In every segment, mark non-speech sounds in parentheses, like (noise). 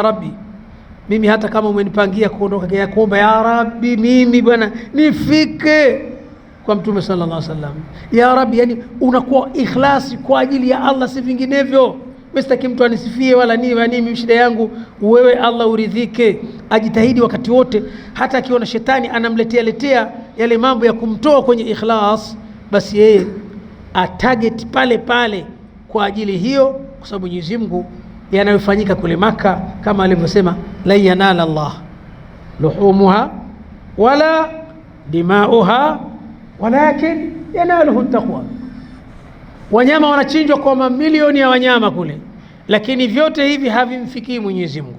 Rabbi, mimi hata kama umenipangia kuondoka ya kuomba ya Rabbi, mimi bwana nifike kwa Mtume sallallahu alaihi wasallam. Ya Rabbi, yani unakuwa ikhlasi kwa ajili ya Allah, si vinginevyo. Sitaki mtu anisifie wala niwe mimi, shida yangu wewe, Allah uridhike. Ajitahidi wakati wote, hata akiona shetani anamletea letea yale mambo ya kumtoa kwenye ikhlas, basi yeye atarget pale pale kwa ajili hiyo, kwa sababu Mwenyezi Mungu yanayofanyika kule Maka, kama alivyosema lan yanala Allah luhumuha wala dimauha walakin yanaluhu taqwa. Wanyama wanachinjwa kwa mamilioni ya wanyama kule, lakini vyote hivi havimfikii Mwenyezi Mungu,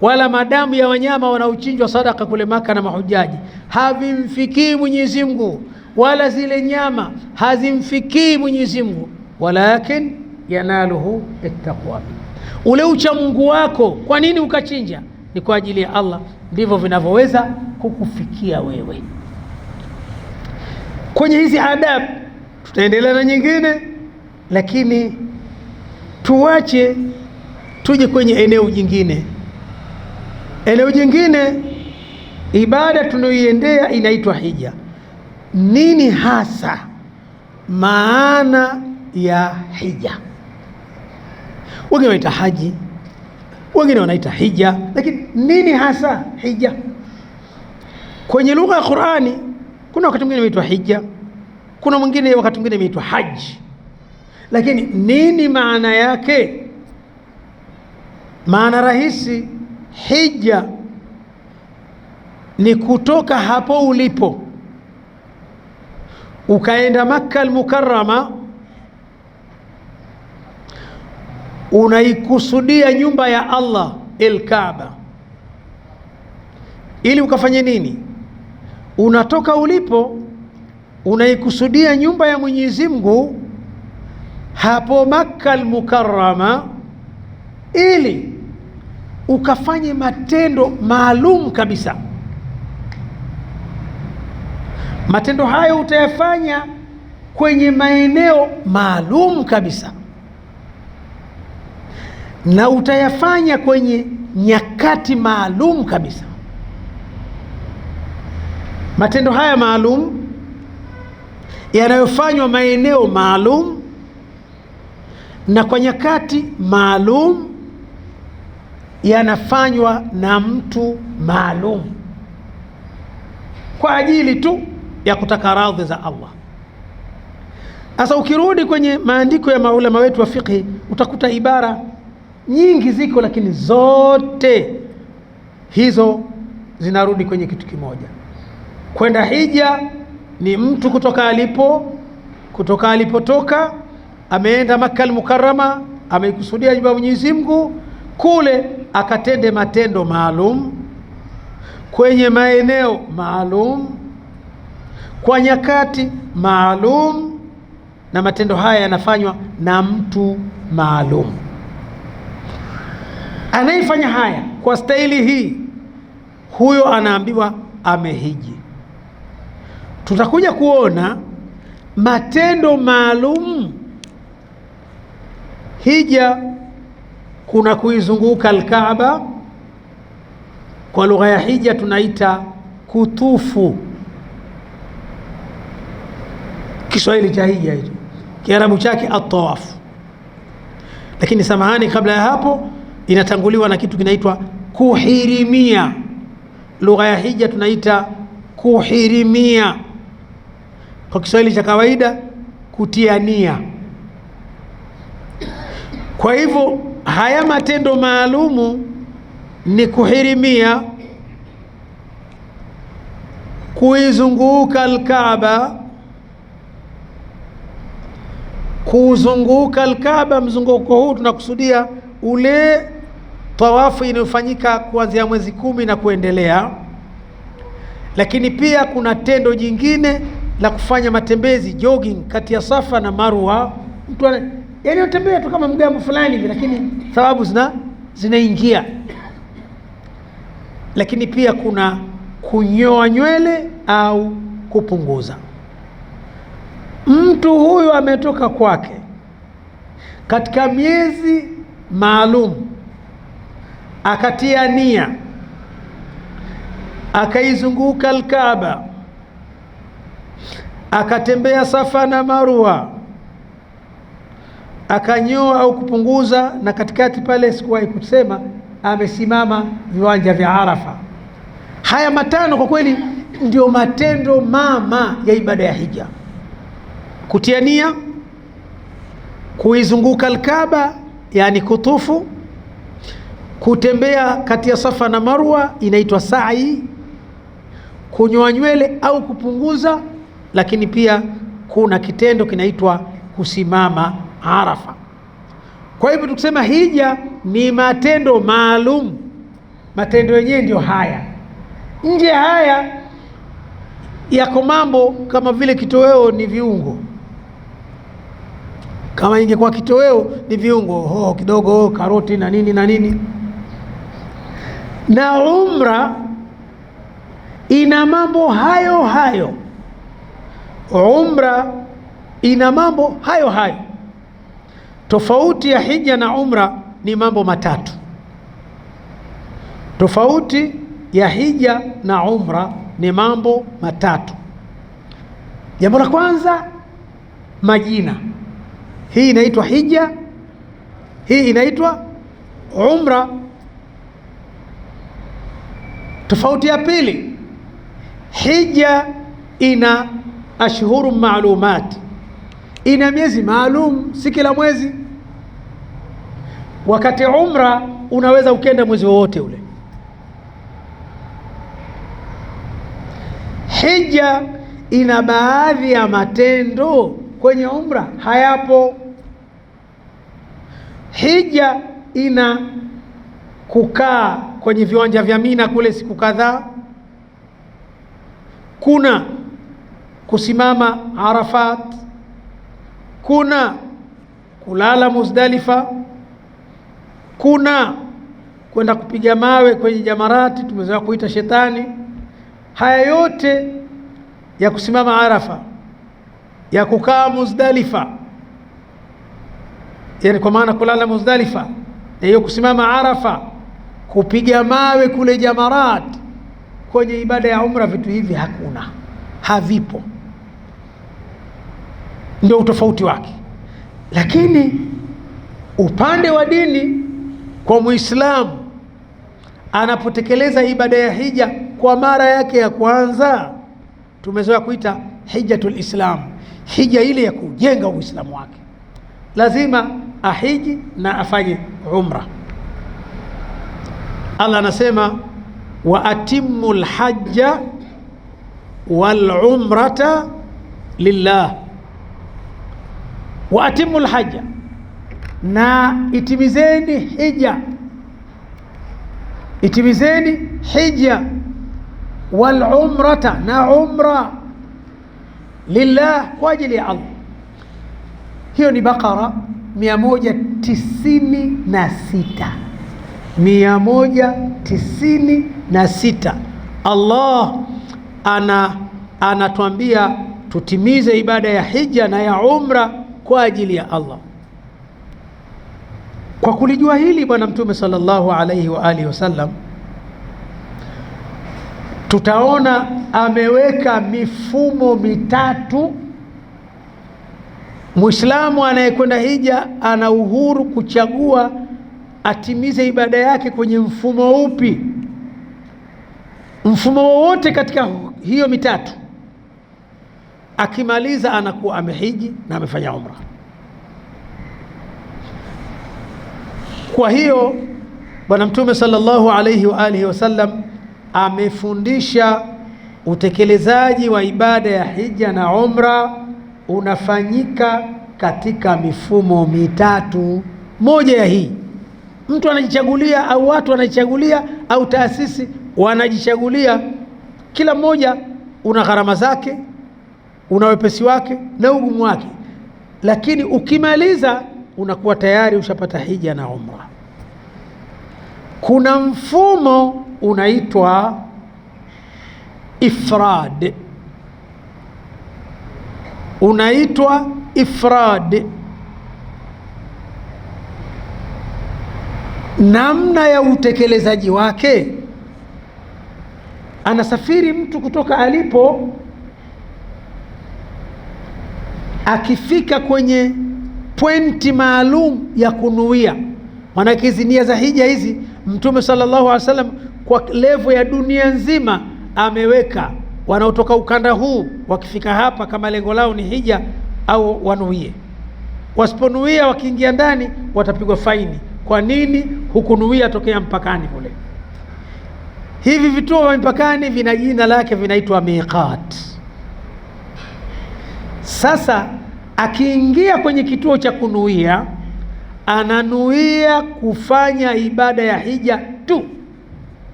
wala madamu ya wanyama wanaochinjwa sadaka kule Maka na mahujaji havimfikii Mwenyezi Mungu, wala zile nyama hazimfikii Mwenyezi Mungu, walakin yanaluhu taqwa ule ucha Mungu wako, kwa nini ukachinja? Ni kwa ajili ya Allah. Ndivyo vinavyoweza kukufikia wewe kwenye hizi adabu. Tutaendelea na nyingine, lakini tuwache tuje kwenye eneo jingine. Eneo jingine, ibada tunayoiendea inaitwa hija. Nini hasa maana ya hija? wengine wanaita haji, wengine wanaita hija. Lakini nini hasa hija? Kwenye lugha ya Qur'ani kuna wakati mwingine imeitwa hija, kuna mwingine wakati mwingine imeitwa haji, lakini nini maana yake? Maana rahisi, hija ni kutoka hapo ulipo ukaenda Makka al-Mukarrama unaikusudia nyumba ya Allah Al-Kaaba ili ukafanye nini? Unatoka ulipo unaikusudia nyumba ya Mwenyezi Mungu hapo Makka Al-Mukarrama ili ukafanye matendo maalum kabisa. Matendo hayo utayafanya kwenye maeneo maalum kabisa na utayafanya kwenye nyakati maalum kabisa. Matendo haya maalum yanayofanywa maeneo maalum na kwa nyakati maalum yanafanywa na mtu maalum kwa ajili tu ya kutaka radhi za Allah. Sasa ukirudi kwenye maandiko ya maulama wetu wa fiqhi utakuta ibara nyingi ziko, lakini zote hizo zinarudi kwenye kitu kimoja. Kwenda hija ni mtu kutoka alipo kutoka alipotoka, ameenda Makka al-Mukarrama, ameikusudia nyumba ya Mwenyezi Mungu, kule akatende matendo maalum kwenye maeneo maalum kwa nyakati maalum, na matendo haya yanafanywa na mtu maalum. Anayefanya haya kwa staili hii, huyo anaambiwa amehiji. Tutakuja kuona matendo maalum hija. Kuna kuizunguka Alkaaba, kwa lugha ya hija tunaita kutufu. Kiswahili cha hija hicho, Kiarabu chake atawafu. Lakini samahani, kabla ya hapo inatanguliwa na kitu kinaitwa kuhirimia. Lugha ya hija tunaita kuhirimia, kwa Kiswahili cha kawaida kutia nia. Kwa hivyo haya matendo maalumu ni kuhirimia, kuizunguka Alkaaba, kuzunguka Alkaaba. Mzunguko huu tunakusudia ule tawafu inayofanyika kuanzia mwezi kumi na kuendelea. Lakini pia kuna tendo jingine la kufanya matembezi jogging, kati ya Safa na Marwa, mtu yaani anatembea tu kama mgambo fulani hivi, lakini thawabu zina zinaingia. Lakini pia kuna kunyoa nywele au kupunguza. Mtu huyu ametoka kwake katika miezi maalum akatia nia akaizunguka Alkaaba akatembea Safa na Marwa akanyoa au kupunguza, na katikati pale sikuwahi kusema amesimama viwanja vya Arafa. Haya matano kwa kweli ndio matendo mama ya ibada ya hija: kutia nia, kuizunguka Alkaaba yani kutufu Kutembea kati ya Safa na Marwa inaitwa sa'i. Kunyoa nywele au kupunguza, lakini pia kuna kitendo kinaitwa kusimama Arafa. Kwa hivyo tukisema hija ni matendo maalum, matendo yenyewe ndiyo haya. Nje haya yako mambo kama vile kitoweo ni viungo. Kama ingekuwa kitoweo ni viungo, oh, kidogo karoti na nini na nini na umra ina mambo hayo hayo. Umra ina mambo hayo hayo. Tofauti ya hija na umra ni mambo matatu. Tofauti ya hija na umra ni mambo matatu. Jambo la kwanza, majina. Hii inaitwa hija, hii inaitwa umra Tofauti ya pili, hija ina ashhuru maalumati, ina miezi maalum, si kila mwezi. Wakati umra unaweza ukenda mwezi wowote ule. Hija ina baadhi ya matendo kwenye umra hayapo. Hija ina kukaa kwenye viwanja vya Mina kule siku kadhaa, kuna kusimama Arafat, kuna kulala Muzdalifa, kuna kwenda kupiga mawe kwenye jamarati tumezoea kuita shetani. Haya yote ya kusimama Arafa, ya kukaa Muzdalifa, yani kwa maana kulala Muzdalifa na hiyo kusimama Arafa kupiga mawe kule Jamarat, kwenye ibada ya umra, vitu hivi hakuna, havipo, ndio utofauti wake. Lakini upande wa dini kwa Muislamu anapotekeleza ibada ya hija kwa mara yake ya kwanza, tumezoea kuita hijatul Islam, hija ile ya kujenga Uislamu wake, lazima ahiji na afanye umra. Allah anasema wa atimmu lhaja walumrata lillah, wa atimmu lhaja, na itimizeni hija, itimizeni hija walumrata, na umra lillah, kwa ajili ya Allah. Hiyo ni Bakara 196 mia moja tisini na sita Allah ana anatuambia tutimize ibada ya hija na ya umra kwa ajili ya Allah. Kwa kulijua hili, Bwana Mtume sallallahu alaihi wa alihi wasallam, tutaona ameweka mifumo mitatu. Muislamu anayekwenda hija ana uhuru kuchagua atimize ibada yake kwenye mfumo upi? Mfumo wowote katika hiyo mitatu, akimaliza anakuwa amehiji na amefanya umra. Kwa hiyo Bwana Mtume sallallahu alaihi wa alihi wasallam amefundisha utekelezaji wa ibada ya hija na umra unafanyika katika mifumo mitatu, moja ya hii mtu anajichagulia au watu wanajichagulia au taasisi wanajichagulia. Kila mmoja una gharama zake, una wepesi wake na ugumu wake, lakini ukimaliza unakuwa tayari ushapata hija na umra. Kuna mfumo unaitwa ifrad, unaitwa ifrad namna ya utekelezaji wake. Anasafiri mtu kutoka alipo, akifika kwenye pointi maalum ya kunuia, maanake hizi nia za hija hizi Mtume sallallahu alaihi wasallam kwa levo ya dunia nzima ameweka wanaotoka ukanda huu wakifika hapa, kama lengo lao ni hija au wanuie. Wasiponuia wakiingia ndani watapigwa faini. Kwa nini? hukunuia tokea mpakani kule. Hivi vituo vya mpakani vina jina lake, vinaitwa miqat. Sasa akiingia kwenye kituo cha kunuia, ananuia kufanya ibada ya hija tu,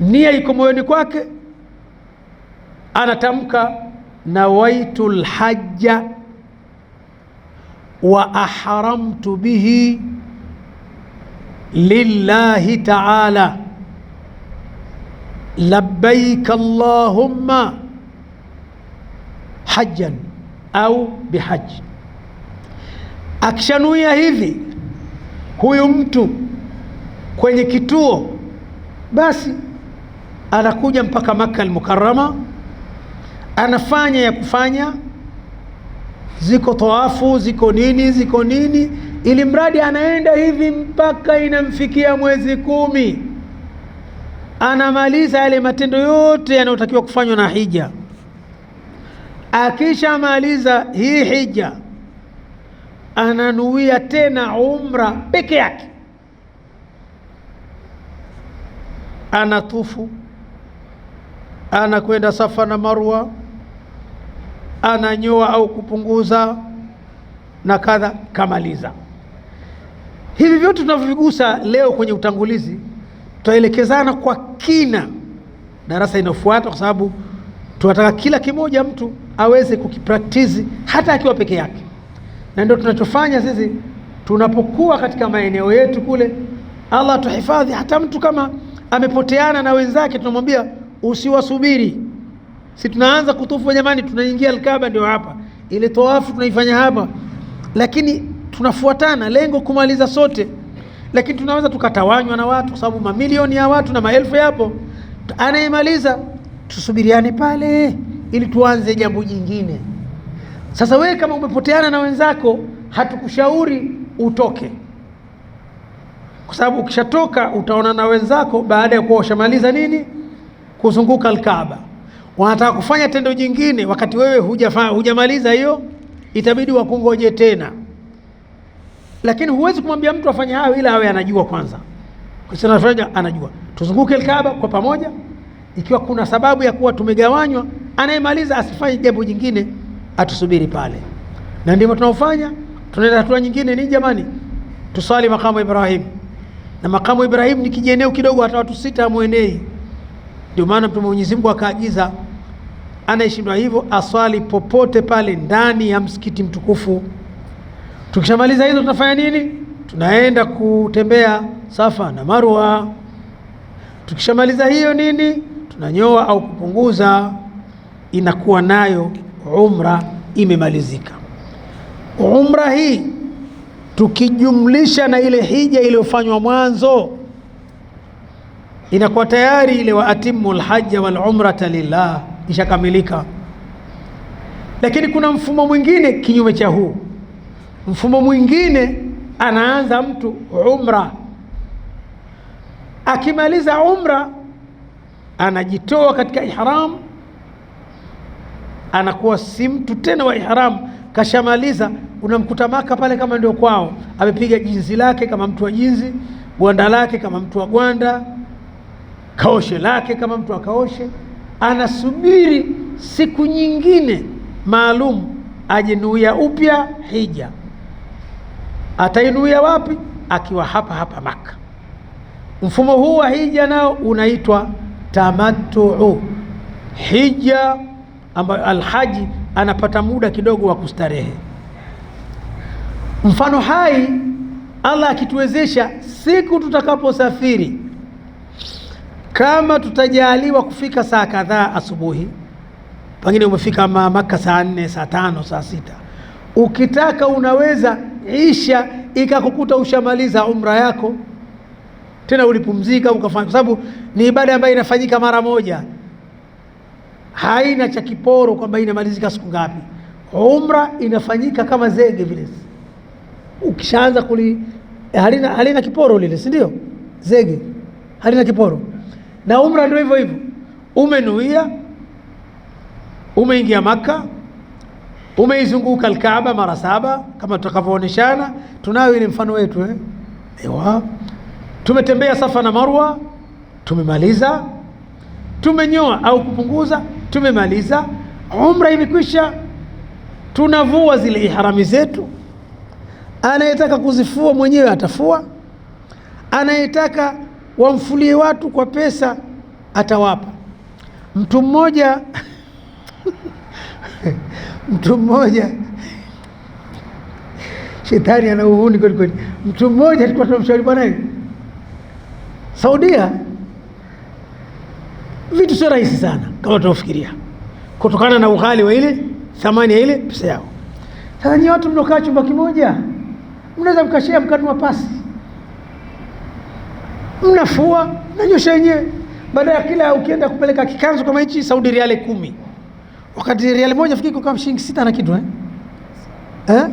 nia iko moyoni kwake, anatamka nawaitu hajja wa ahramtu bihi lillahi taala labbaik allahumma hajjan au bihaji. Akishanuia hivi huyu mtu kwenye kituo, basi anakuja mpaka Makka Almukarama, anafanya ya kufanya ziko toafu, ziko nini, ziko nini, ili mradi anaenda hivi mpaka inamfikia mwezi kumi, anamaliza yale matendo yote yanayotakiwa kufanywa na hija. Akishamaliza hii hija, ananuia tena umra peke yake, anatufu, anakwenda Safa na Marwa ananyoa au kupunguza na kadha kamaliza. Hivi vyote tunavyovigusa leo kwenye utangulizi, tutaelekezana kwa kina darasa inayofuata, kwa sababu tunataka kila kimoja mtu aweze kukipraktizi hata akiwa peke yake, na ndio tunachofanya sisi tunapokuwa katika maeneo yetu kule. Allah tuhifadhi, hata mtu kama amepoteana na wenzake, tunamwambia usiwasubiri Si tunaanza kutufu jamani, tunaingia Alkaba ndio hapa, ile tawafu tunaifanya hapa, lakini tunafuatana lengo kumaliza sote, lakini tunaweza tukatawanywa na watu, kwa sababu mamilioni ya watu na maelfu yapo. Anayemaliza tusubiriane pale, ili tuanze jambo jingine. Sasa wewe kama umepoteana na wenzako, hatukushauri utoke, kwa sababu ukishatoka utaona na wenzako baada ya kuwa nini, kuzunguka Alkaba wanataka kufanya tendo jingine, wakati wewe hujamaliza hiyo, itabidi wakungoje tena. Lakini huwezi kumwambia mtu afanye hayo ila awe anajua kwanza, kisha anajua. Tuzunguke Alkaaba kwa pamoja, ikiwa kuna sababu ya kuwa tumegawanywa, anayemaliza asifanye jambo jingine, atusubiri pale, na ndivyo tunaofanya. Tunaenda hatua nyingine, ni jamani, tusali makamu Ibrahim na makamu Ibrahim ni kijieneo kidogo, hata watu sita amwenei. Ndio maana Mtume Mwenyezi Mungu akaagiza anayeshindwa hivyo aswali popote pale ndani ya msikiti mtukufu. Tukishamaliza hizo tunafanya nini? Tunaenda kutembea Safa na Marwa. Tukishamaliza hiyo nini, tunanyoa au kupunguza, inakuwa nayo umra imemalizika. Umra hii tukijumlisha na ile hija iliyofanywa mwanzo inakuwa tayari ile, waatimu lhaja walumrata lillah ishakamilika. Lakini kuna mfumo mwingine kinyume cha huu. Mfumo mwingine anaanza mtu umra, akimaliza umra anajitoa katika ihram, anakuwa si mtu tena wa ihram, kashamaliza. Unamkuta Maka pale kama ndio kwao, amepiga jinzi lake kama mtu wa jinzi, gwanda lake kama mtu wa gwanda, kaoshe lake kama mtu akaoshe anasubiri siku nyingine maalum ajinuia upya hija. Atainuia wapi? Akiwa hapa hapa Maka. Mfumo huu wa hija nao unaitwa tamattu hija, ambayo alhaji anapata muda kidogo wa kustarehe. Mfano hai, Allah akituwezesha siku tutakaposafiri kama tutajaliwa kufika saa kadhaa asubuhi, pengine umefika Maka saa nne, saa tano, saa sita, ukitaka unaweza isha ikakukuta ushamaliza umra yako, tena ulipumzika ukafanya, kwa sababu ni ibada ambayo inafanyika mara moja, haina cha kiporo kwamba inamalizika siku ngapi. Umra inafanyika kama zege vile, ukishaanza kuli halina, halina kiporo lile, si ndio? Zege halina kiporo na umra ndio hivyo hivyo, umenuia, umeingia Maka, umeizunguka Alkaaba mara saba kama tutakavyooneshana. Tunayo ile mfano wetu eh, ewa, tumetembea Safa na Marwa, tumemaliza. Tumenyoa au kupunguza, tumemaliza. Umra imekwisha, tunavua zile ihrami zetu. Anayetaka kuzifua mwenyewe atafua, anayetaka wamfulie watu kwa pesa atawapa. Mtu mmoja (laughs) mtu mmoja shetani ana uhuni kweli kweli. Mtu mmoja alikuwa tunamshauri bwana, Saudia vitu sio rahisi sana kama tunavyofikiria, kutokana na ughali wa ile thamani ya ile pesa yao. Sasa nyie watu mnokaa chumba kimoja, mnaweza mkashea mkanua pasi mnafua mnanyosha wenyewe. Baada ya kila ukienda kupeleka kikanzu kama hichi Saudi riali kumi, wakati riali moja fikiri kwa shilingi sita na kitu eh? Eh?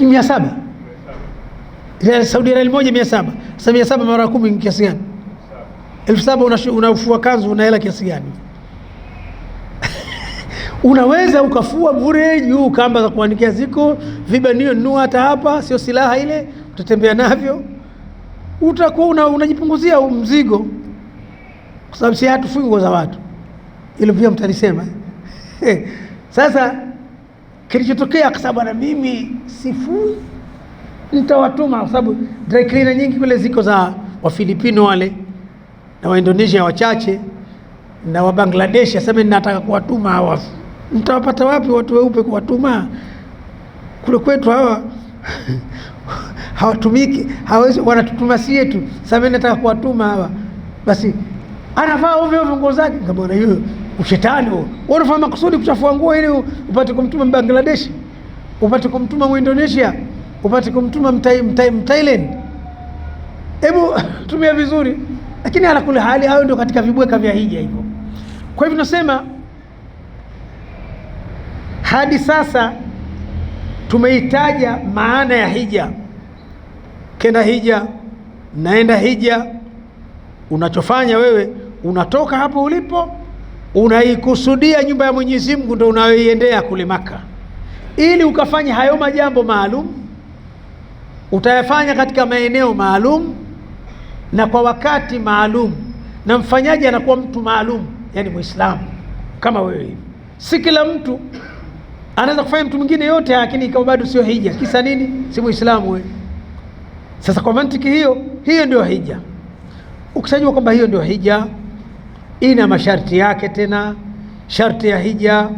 mia saba Saudi riali moja mia saba Sasa mia saba mara kumi ni kiasi gani? elfu saba Unafua kanzu hela kiasi gani? (laughs) Unaweza ukafua bure juu, kamba za kuandikia ziko, vibanio nunua hata hapa, sio silaha ile utatembea navyo utakuwa unajipunguzia una mzigo, kwa sababu si hatufungo nguo za watu. Hilo pia mtalisema (laughs) sasa kilichotokea kwa sababu na mimi sifui, nitawatuma kwa sababu dry cleaner nyingi kule ziko za Wafilipino wale na Waindonesia wachache na Bangladesh, aseme nataka kuwatuma hawa, nitawapata wapi watu weupe kuwatuma kule kwetu hawa hawatumiki, hawezi, wanatutuma sie tu. Sasa mimi nataka kuwatuma hawa, basi anavaa ovyo ovyo nguo zake. Bwana, hiyo ushetani huo. Wanafanya makusudi kuchafua nguo ili upate kumtuma Bangladesh, upate kumtuma Muindonesia, upate kumtuma mtai, mtai, Thailand. Hebu (laughs) tumia vizuri, lakini ala kule hali hayo ndio katika vibweka vya hija hivyo. Kwa hivyo nasema hadi sasa tumeitaja maana ya hija kenda hija, naenda hija. Unachofanya wewe unatoka hapo ulipo, unaikusudia nyumba ya Mwenyezi Mungu, ndio unayoiendea kule Maka, ili ukafanya hayo majambo maalum, utayafanya katika maeneo maalum na kwa wakati maalum, na mfanyaji anakuwa mtu maalum, yani Muislamu kama wewe hivi. Si kila mtu anaweza kufanya mtu mwingine yote, lakini ikawa bado sio hija. Kisa nini? Si Muislamu wewe. Sasa kwa mantiki hiyo hiyo ndio hija. Ukisajua kwamba hiyo ndio hija, ina masharti yake. Tena sharti ya hija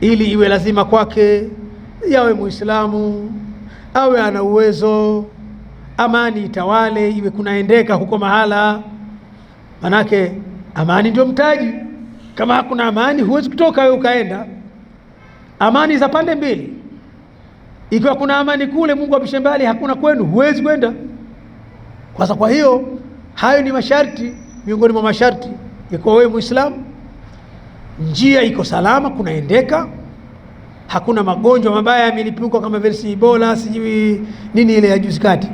ili iwe lazima kwake yawe Muislamu, awe ana uwezo, amani itawale, iwe kunaendeka huko mahala. Manake amani ndio mtaji. Kama hakuna amani, huwezi kutoka wewe ukaenda. Amani za pande mbili ikiwa kuna amani kule, Mungu apishe mbali, hakuna kwenu, huwezi kwenda. Kwanza, kwa hiyo hayo ni masharti, miongoni mwa masharti ikuwa wewe Muislamu, njia iko salama, kunaendeka, hakuna magonjwa mabaya yamelipuka kama vile Ebola, sijui nini ile ya juzi kati,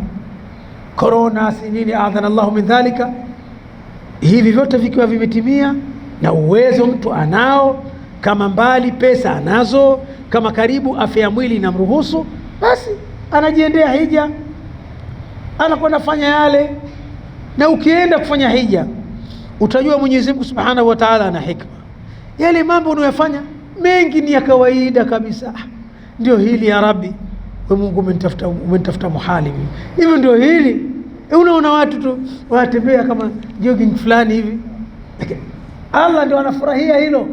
corona, si nini, adhana Allahu min dhalika. Hivi vyote vikiwa vimetimia na uwezo mtu anao, kama mbali pesa anazo kama karibu afya ya mwili inamruhusu, basi anajiendea hija, anakwenda fanya yale. Na ukienda kufanya hija utajua Mwenyezi Mungu Subhanahu wa Ta'ala ana hikma. Yale mambo unayofanya mengi ni ya kawaida kabisa, ah, ndio hili ya Rabbi, we Mungu umenitafuta, umenitafuta muhali mimi hivi, ndio hili. Eh, unaona watu tu wanatembea kama jogging fulani hivi, lakini Allah ndio anafurahia hilo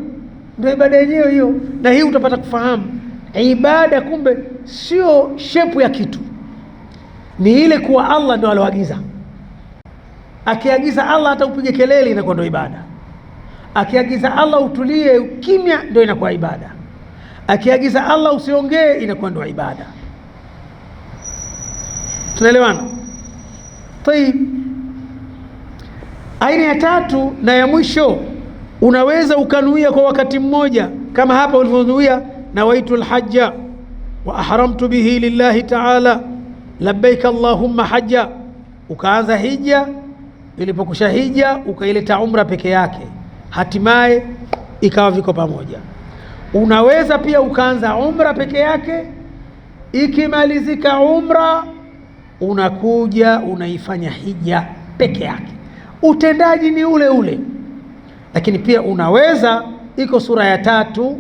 ndio ibada yenyewe hiyo, na hii utapata kufahamu ibada kumbe sio shepu ya kitu, ni ile kuwa Allah ndio aloagiza. Akiagiza Allah hata upige kelele, inakuwa ndio ibada. Akiagiza Allah utulie ukimya, ndio inakuwa ibada. Akiagiza Allah usiongee, inakuwa ndio ibada. Tunaelewana? Tayib, aina ya tatu na ya mwisho Unaweza ukanuia kwa wakati mmoja kama hapa ulivyonuia, nawaitu lhaja wa ahramtu bihi lillahi taala labbaik allahumma haja, ukaanza hija. Ilipokusha hija ukaileta umra peke yake, hatimaye ikawa viko pamoja. Unaweza pia ukaanza umra peke yake, ikimalizika umra unakuja unaifanya hija peke yake. Utendaji ni ule ule. Lakini pia unaweza, iko sura ya tatu,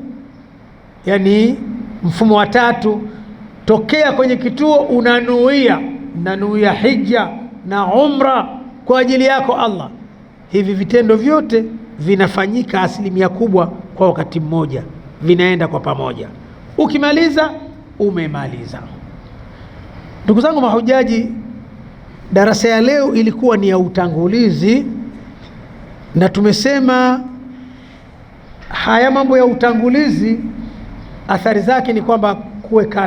yani mfumo wa tatu, tokea kwenye kituo unanuia, nanuia hija na umra kwa ajili yako Allah. Hivi vitendo vyote vinafanyika asilimia kubwa kwa wakati mmoja, vinaenda kwa pamoja. Ukimaliza umemaliza. Ndugu zangu mahujaji, darasa ya leo ilikuwa ni ya utangulizi na tumesema haya mambo ya utangulizi athari zake ni kwamba kuwekana